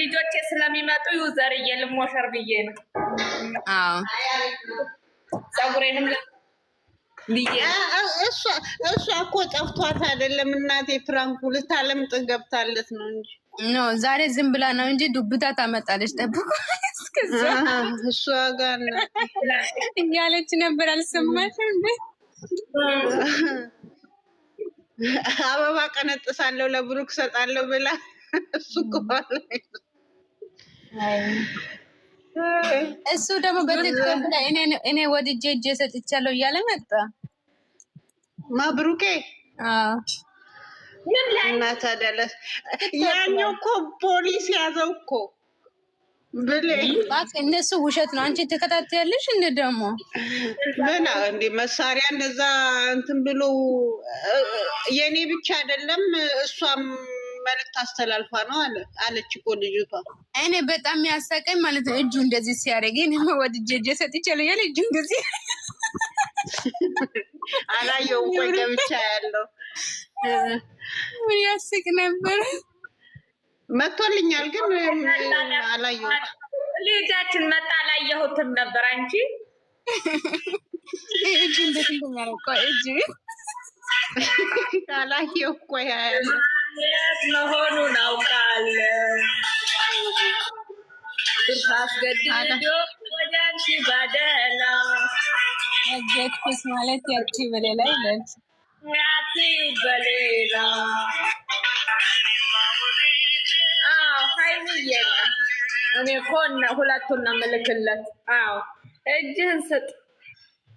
ልጆቼ ስለሚመጡ ዩዘር እየልሞሸር ብዬ ነው። ጸጉሬንም እሷ እኮ ጠፍቷት አይደለም እናቴ፣ ፍራንኩ ልታለምጥ ገብታለት ነው እንጂ ኖ ዛሬ ዝም ብላ ነው እንጂ ዱብታ ታመጣለች። ጠብቁ እሷ ጋር እያለች ነበር። አልሰማሽም? አበባ ቀነጥሳለሁ ለብሩክ ሰጣለሁ ብላ እሱ ከኋላ እሱ ደግሞ በቲክቶክ ላይ እኔ ወድጄ እጄ ሰጥቻለሁ እያለ መጣ። ማብሩኬ እና ታዲያ ያኛው እኮ ፖሊስ ያዘው እኮ እነሱ ውሸት ነው። አንቺ ተከታተያለሽ እንደ ደግሞ ምና እንዲ መሳሪያ እንደዛ እንትን ብሎ የእኔ ብቻ አይደለም እሷም መልዕክት አስተላልፋ ነው አለች እኮ ልጅቷ። እኔ በጣም ያሳቀኝ ማለት ነው እጁ እንደዚህ ሲያደርግ ወድጄ እጄ ሰጥቻለሁ ያለ እጁ እንደዚህ አላየው ወይ ገብቻ ያለው ምን ያስቅ ነበር። መጥቶልኛል ግን አላየሁት። ልጃችን መጣ አላየሁትም ነበር አንቺ እጁ እንደት እንደሚያረቀው እጅ አላየሁ እኮ ያለው ምክንያት መሆኑን አውቃለሁ። አስገድዶ ወደ አንቺ ባደላ አጀክስ ማለት ያቺ በሌላ ይላል ያቺ በሌላ ሀይሚዬ እኔ ኮነ ሁለቱን ነው የምልክለት። አዎ እጅህን ስጥ፣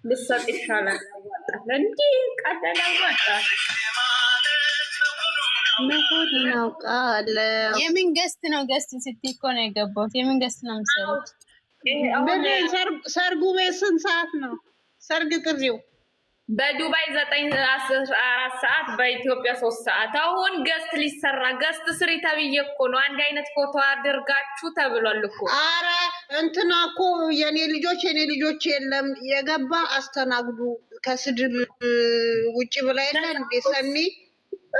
ብትሰጥ ይሻላል። እንዲህ ቀደላ ይወጣል የምን ገስት ነው? ገስት ስትይ እኮ ነው የገባሁት። የምን ገስት ነው የምትሰሩት? ሰርጉ ስንት ሰዓት ነው ሰርግ ጥሪው? በዱባይ ዘጠኝ አራት ሰዓት በኢትዮጵያ ሶስት ሰዓት። አሁን ገስት ሊሰራ ገስት ስሪ ተብዬ እኮ ነው። አንድ አይነት ፎቶ አድርጋችሁ ተብሏል እኮ። አረ እንትና እኮ የኔ ልጆች የኔ ልጆች የለም የገባ አስተናግዱ ከስድብ ውጭ ብላ የለ እንዴ ሰኒ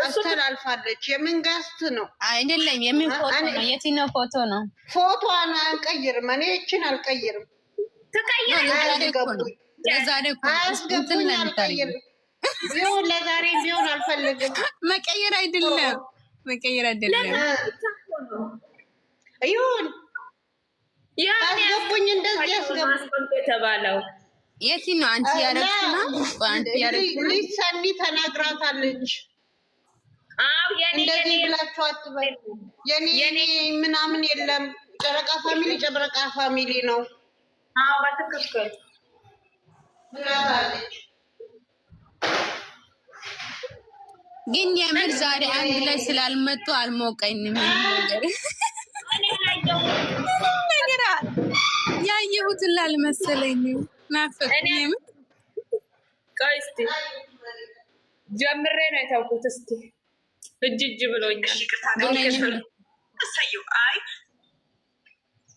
አስተላልፋለች። የምን ጋስት ነው አይደለም፣ የምን ፎቶ ነው? የትኛው ፎቶ ነው? ፎቶዋን አልቀይርም፣ እኔ ይችን አልቀይርም። አያስገቡኝ፣ ለዛሬ ቢሆን አልፈልግም። መቀየር አይደለም መቀየር አይደለም፣ ይሁን አስገቡኝ፣ እንደዚህ ያስገቡ የተባለው የት ነው? አንቺ ያረግሽ ነው። ሊሰኒ ተናግራታለች። እንደዚህ ብላችሁ አትበል። የኔ ምናምን የለም። ጨረቃ ፋሚሊ ጨረቃ ፋሚሊ ነው። አዎ በትክክል ግን የምር ዛሬ አንድ ላይ ስላልመጡ አልሞቀኝም። ነገር ያየሁትን ላልመሰለኝ ናፈቀኝ። ቆይ እስኪ ጀምሬ ነው የተውኩት እስኪ እጅ እጅ ብሎኛል። አይ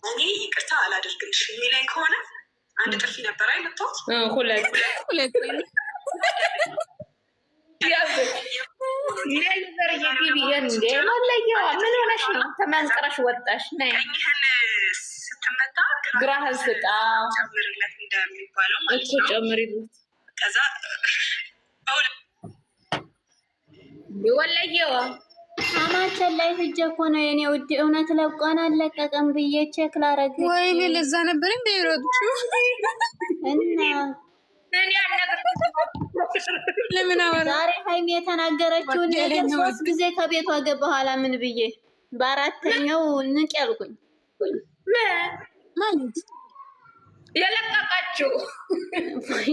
እኔ ይቅርታ አላደርግልሽ የሚለኝ ከሆነ አንድ ጥፊ ነበር አይመጣት ነው? ተመንቅረሽ ወጣሽ ነ ቀኝህን ስትመታ እንደሚባለው ጨምሪለት ከዛ ወለየዋ አማቸን ላይ ሂጅ እኮ ነው የኔ ውድ። እውነት ለቋን አለቀቀም ብዬ ቼክ ላረግ። ወይኔ ለዛ ነበር እንደ ይሮጥቹ እና ዛሬ ሀይሚ የተናገረችውን ሶስት ጊዜ ከቤቷ ገባ በኋላ ምን ብዬ በአራተኛው ንቅ ያልኩኝ ማለት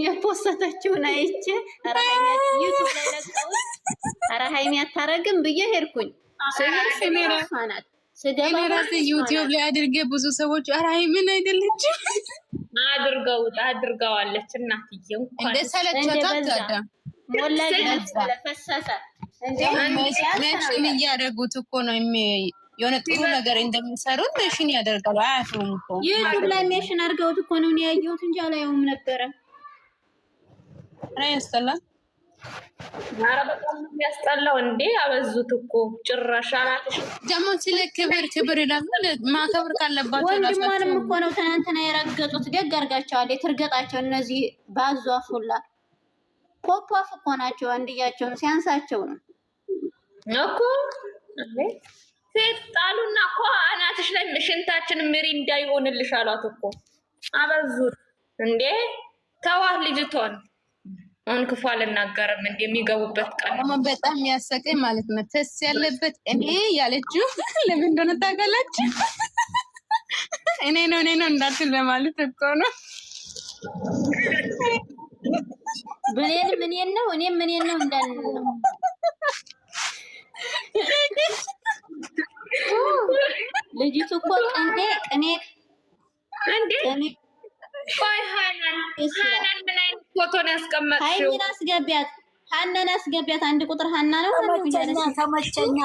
የፖሰተችውን አይቼ ዩቱብ ላይ ለቀውት ኧረ ሀይሚ አታረግም ብዬ ሄድኩኝ። ስሄድ ስገባ ራሴ ዩቲዩብ ላይ አድርጌ ብዙ ሰዎች ኧረ ሀይሚን አይደለች አድርገው አድርገዋለች። እናትዬ እንደ ሰለቸቷት ሞላ እያደረጉት እኮ ነው የሆነ ጥሩ ነገር እንደሚሰሩት ሜንሽን ያደርጋሉ። አያፍሩም እኮ ዩቱብ ላይ ሜንሽን አድርገውት እኮ ነው ያየሁት እንጂ አላየውም ነበረ። ራይ ያስጠላል ኧረ በጣም የሚያስጠላው እንዴ! አበዙት እኮ ጭራሽ ደግሞ ስለ ክብር ክብር ማከብር ካለባቸው ወንድሟንም እኮ ነው ትናንትና የረገጡት። ደግ አድርጋቸዋል። የትርገጣቸው እነዚህ ባዙ አፉላ ፖፖፍ እኮ ናቸው። ሲያንሳቸው ነው እኮ ሴት ጣሉና እኮ አናትሽ ላይ ሽንታችን ምሪ እንዳይሆንልሽ አሏት እኮ አበዙት እንዴ! ተዋት ልጅቷን አሁን ክፉ አልናገርም። እንዲ የሚገቡበት ቀን በጣም የሚያሰቀኝ ማለት ነው። ተስ ያለበት እኔ ያለችው ለምን እንደሆነ ታውቃላችሁ? እኔ ነው እኔ ነው እንዳትል ለማለት እኮ ነው። ብሌን ምን ነው እኔም ምን ነው እንዳል ልጅቱ እኮ ቅኔ ቅኔ ቅኔ ፎቶን ያስቀመጥሽው ሀይሚን አስገቢያት፣ ሀናን አስገቢያት። አንድ ቁጥር ሀና ነው። ተመቸኛ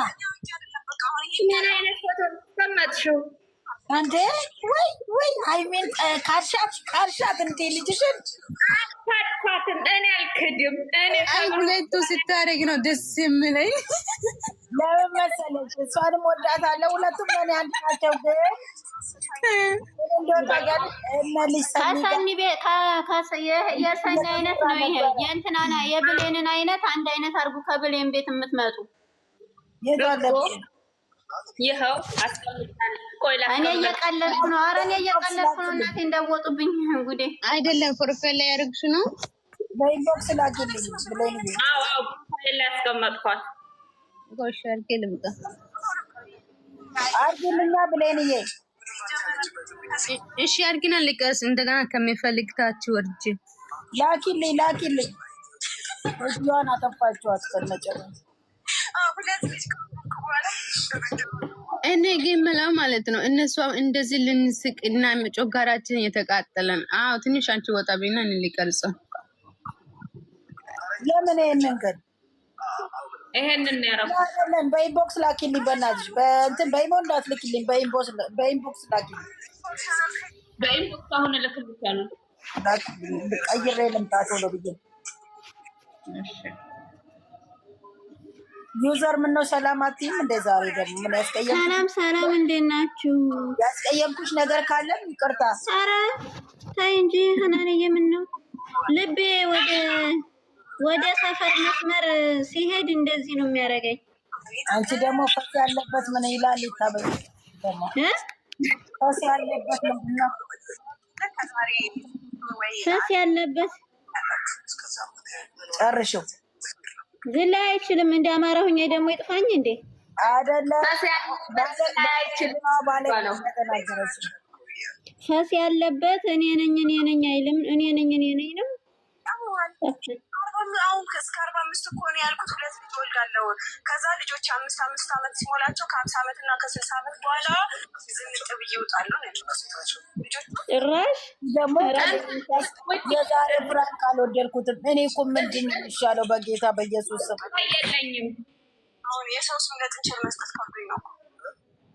ምን አይነት ፎቶ ያስቀመጥሽው? አንዴ ወይ ወይ ሀይሚን ካርሻት ካርሻት፣ እንዴ ልጅሽን አታጥፋትም። እኔ አልክድም። እኔ ሁለቱ ስታደርግ ነው ደስ የምለኝ። ለምን መሰለሽ? እሷንም ወዳታለሁ። ሁለቱም ለእኔ አንድ ናቸው ግን የሰኒ አይነት ነው ይሄ። የእንትናና የብሌንን አይነት አንድ አይነት አድርጉ። ከብሌን ቤት የምትመጡ ይኸው እኔ እየቀለድኩ ነው። ኧረ እኔ እየቀለድኩ ነው። እናቴ እንዳወጡብኝ ጉዴ። አይደለም ፕሮፋይል ላይ ያደርግሽ ነው። በኢንቦክስ ላይ ያስቀመጥኳት ጎሽ አድርጌ ልምጣ አድርጌልኛ ብሌንዬ እሺ አድርጊና ልቀስ እንደገና ከሚፈልግታችሁ ወርጄ ላኪልኝ ላኪልኝ። እጇን አጠፋችኋት ከመጨረሻ። እኔ ግን መላው ማለት ነው እነሱ እንደዚህ ልንስቅ እና ጮጋራችን እየተቃጠለን። አዎ ትንሽ አንቺ ወጣ ቢና እንልቀርጸው ለምን ይሄንን ግን ይሄንን ያረጉለን በኢንቦክስ ላኪልኝ፣ በእናትሽ በእንትን በኢሞ እንዳትልኪልኝ፣ በኢንቦክስ ላኪልኝ። በኢንቦክስ አሁን እልክልሻለሁ። ቀይሬ ልምጣ ቶሎ ብዬ። ዩዘር ምነው ሰላም አትይም እንደ ዛሬ ደግሞ ምን ያስቀየም? ሰላም ሰላም፣ እንዴት ናችሁ? ያስቀየምኩሽ ነገር ካለም ይቅርታ። ኧረ ተይ እንጂ ሀናንዬ፣ ምነው ልቤ ወደ ወደ ሰፈር መስመር ሲሄድ እንደዚህ ነው የሚያደርገኝ። አንቺ ደግሞ ፈስ ያለበት ምን ይላል ይታበል ፈስ ያለበት ምንድን ፈስ ያለበት ጨርሽው ዝም ላይ አይችልም። እንደ አማራሁኝ ደግሞ ይጥፋኝ እንዴ አይደለም። ፈስ ያለበት እኔ ነኝ እኔ ነኝ አይልም። እኔ ነኝ እኔ ነኝ ነው አሁን አሁን እስከ አርባ አምስት እኮ ነው ያልኩት። ሁለት ልጅ ወልዳለሁ። ከዛ ልጆች አምስት አምስት ዓመት ሲሞላቸው ከአምስት ዓመት እና ከስልሳ ዓመት በኋላ ዝንጥ ብዬ ይወጣሉ ነው ያልኩት። ጭራሽ ደግሞ የዛሬ ብራት ካልወደድኩትም እኔ እኮ ምንድን ነው የሚሻለው? በጌታ በኢየሱስ ስም የለኝም። አሁን የሰው ስም ለጥንቸል መስጠት ከብዶኝ ነው።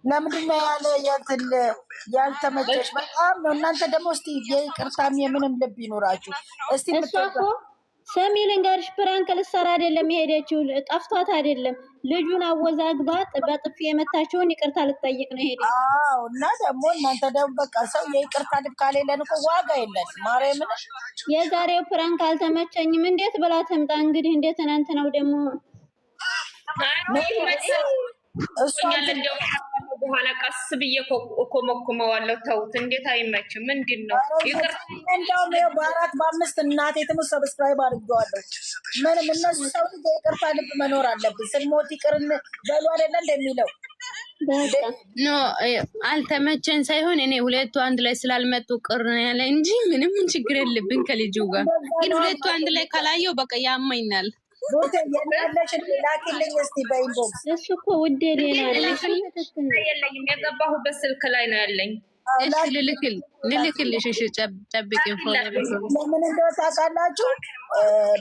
ለምንድነው ያለ የትል ያልተመቸሽ በጣም ነው። እናንተ ደግሞ እስቲ የይቅርታም የምንም ልብ ይኑራችሁ እስቲ ሰሚ ልንገርሽ፣ ፕራንክ ልትሰራ አይደለም የሄደችው። ጠፍቷት አይደለም ልጁን አወዛግባ በጥፊ የመታችውን ይቅርታ ልትጠይቅ ነው የሄደችው። አዎ። እና ደግሞ እናንተ ደግሞ በቃ ሰው የይቅርታ ልብ ካሌለን እኮ ዋጋ የለን። ማርያምን፣ የዛሬው ፕራንክ አልተመቸኝም። እንዴት ብላ ትምጣ እንግዲህ። እንዴት እንደ ነው ደግሞ እሷ በኋላ ቀስ ብዬ ኮመኩመዋለሁ። ተውት፣ እንዴት አይመችም። ምንድን ነው እንደውም በአራት በአምስት እናቴ ትምህርት ሰብስክራይብ አድርገዋለሁ። ምንም እነሱ ሰው ልጅ ልብ መኖር አለብን። ስንሞት ይቅርን በሉ አደለ እንደሚለው ኖ አልተመቸን ሳይሆን እኔ ሁለቱ አንድ ላይ ስላልመጡ ቅር ነው ያለ እንጂ ምንም ችግር የለብን። ከልጁ ጋር ግን ሁለቱ አንድ ላይ ካላየው በቃ ያመኛል። ላኪልኝ በኢንቦክስ። እሱ እኮ ውዴ የለኝም የገባሁበት ስልክ ላይ ነው ያለኝ። ልልክልሽ ጠብቂ። ለምን እንደው ታውቃላችሁ፣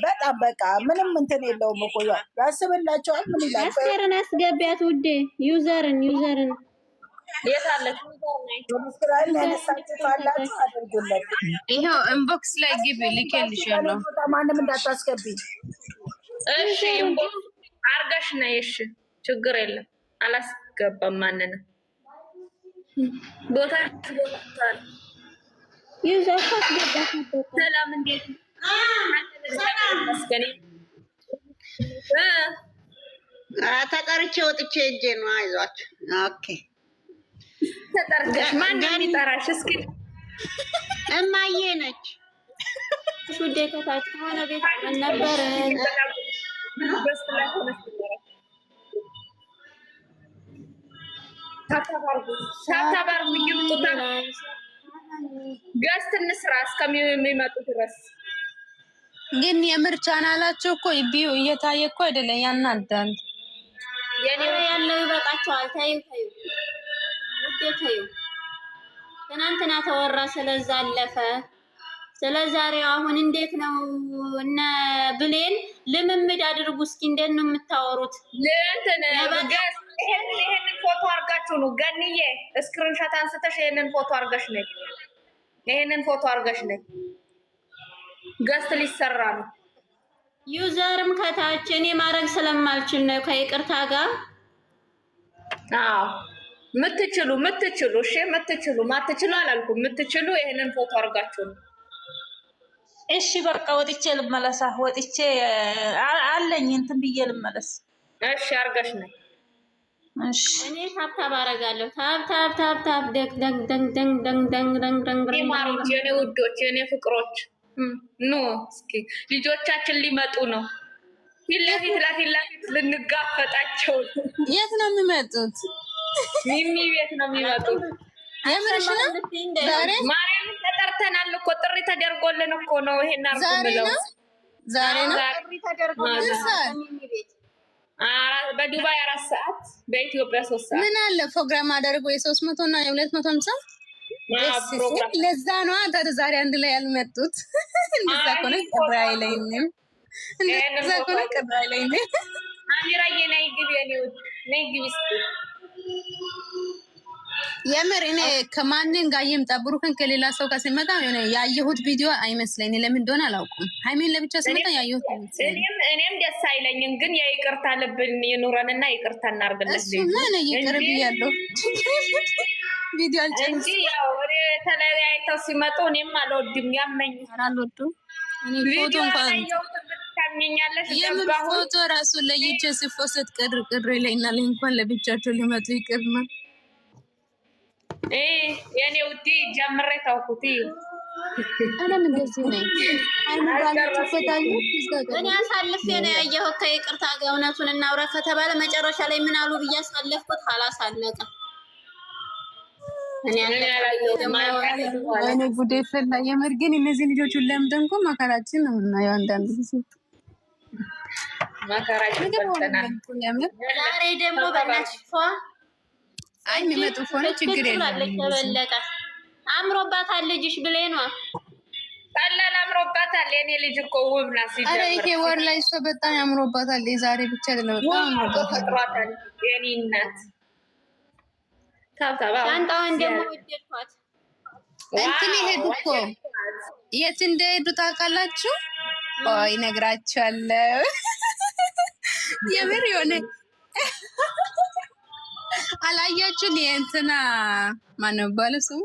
በጣም በቃ ምንም እንትን የለውም እኮ ምን ይላል? አስቴርን አስገቢያት ውዴ፣ ዩዘርን ዩዘርን ይሄው ኢንቦክስ ላይ ግቢ፣ ልኬልሽ ያለው ማንም እንዳታስገቢ እሺ አርጋሽ ነይ። እሺ ችግር የለም አላስገባም ማንንም ቦታ ሰላም እንዴት ተጠርቼ ወጥቼ እጄ ነው። አይዟችሁ ኦኬ። ተጠርተሽ ማን የሚጠራሽ? እስኪ እማዬ ነች። ውዴ ከታች ከሆነ ቤት ነበርን ገስት እንስራ እስከሚመጡ ድረስ ግን የምር ቻናላቸው እኮ ቢዩ እየታየ እኮ አይደለም። ያናዳል። የኔ ያለው ይበቃቸዋል። ታዩ ታዩ ውዴ ታዩ ትናንትና ተወራ ስለዛ አለፈ። ስለ ዛሬው አሁን እንዴት ነው እነ ብሌን ልምምድ አድርጉ እስኪ። እንዴት ነው የምታወሩት? ይሄንን ፎቶ አርጋችሁ ነው ገንዬ፣ እስክሪንሻት አንስተሽ ይሄንን ፎቶ አርገሽ ነይ፣ ይሄንን ፎቶ አርገሽ ነይ። ገስት ሊሰራ ነው። ዩዘርም ከታች እኔ ማድረግ ስለማልችል ነው ከይቅርታ ጋር። አዎ ምትችሉ ምትችሉ፣ እሺ ምትችሉ፣ ማትችሉ አላልኩም። ምትችሉ ይሄንን ፎቶ አርጋችሁ ነው እሺ በቃ ወጥቼ ልመለሳ። ወጥቼ አለኝ እንትን ብዬ ልመለስ። እሺ አርገሽ ነው። እሺ እኔ ታብታብ አረጋለሁ። ታብታብ ታብታብ ደግ ደግ ደግ ደግ ደግ ደግ ደግ ደግ የኔ ውዶች፣ የኔ ፍቅሮች ኑ እስኪ ልጆቻችን ሊመጡ ነው። ፊት ለፊት ለፊት ለፊት ልንጋፈጣቸው። የት ነው የሚመጡት? ሚሚ ቤት ነው የሚመጡት። ማርያምን ተጠርተናል እኮ ጥሪ ተደርጎልን እኮ ነው። ይሄን አርጉ ብለው ዛሬ ነው በዱባይ አራት ሰዓት በኢትዮጵያ ሶስት ሰዓት ምን አለ ፕሮግራም አደርጎ የሶስት መቶ እና የሁለት መቶ ሃምሳ ለዛ ነዋ ዛሬ አንድ ላይ ያልመጡት። እንደዛ ከሆነ ቅር አይለኝም። እንደዛ ከሆነ ቅር አይለኝም። አሚራዬ ነይ ግቢ፣ ነይ ግቢ ስ የምር እኔ ከማንን ጋር ይምጣ ብሩክን ከሌላ ሰው ጋር ሲመጣ የሆነ ያየሁት ቪዲዮ አይመስለኝ። ለምን እንደሆነ አላውቅም። ሃይሜን ለብቻ ሲመጣ ያየሁት እኔም ደስ አይለኝም። ግን የይቅርታ ልብን ይኑረንና ይቅርታ እናርግለት። ይቅር ይቅርብ ያለው ቪዲዮ እንጂ ያው ተለያይተው ሲመጡ እኔም አልወድም፣ ያመኝ አልወድም እኔ ፎቶ እንኳን የምን ፎቶ ራሱ ለይቼ ሲፎሰት ቅር ቅር ይለኛል። እንኳን ለብቻቸው ሊመጡ ይቅርማል የኔ ውዴ ጀምሬ ተውኩት። እኔም እንደዚህ ነኝ። እኔ አሳልፌ ነው ያየሁት። ከይቅርታ ጋር እውነቱን እናውራ ከተባለ መጨረሻ ላይ ምን አሉ ብዬ አሳለፍኩት። ካላሳለቀ እኔ ጉዴ ፈላ። የምር ግን እነዚህ ልጆች ለምደን እኮ መከራችን ነው የምናየው አንዳንድ ጊዜ መከራችን። ዛሬ ደግሞ በእናትሽ አይ የሚመጡ ከሆነ ችግር የለም። አምሮባታል ልጅሽ ብለህ ነው። ቀላል አምሮባታል። የኔ ልጅ እኮ ውብ ናት። ሲጀምር አረ ይሄ ወር ላይ እሷ በጣም አምሮባታል። የዛሬ ብቻ አይደለም፣ በጣም አምሮባታል። የኔ እናት ታብታባ ሻንጣዋን ደግሞ ወደድኳት። እንትን ይሄዱ እኮ የት እንደሄዱ ታውቃላችሁ? ይነግራችኋለሁ የምር የሆነ አላያችሁ እንትና ማነው የሚባለው ስሙ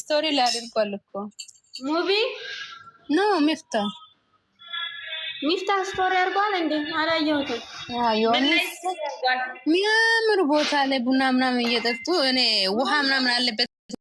ስቶሪ ላይ አድርጓል እኮ ሙቪ ኖ ሚፍታ ሚፍታ ስቶሪ አድርጓል እንዴ? አላየሁትም። የሚያምር ቦታ ላይ ቡና ምናምን እየጠጡ እኔ ውሃ ምናምን አለበት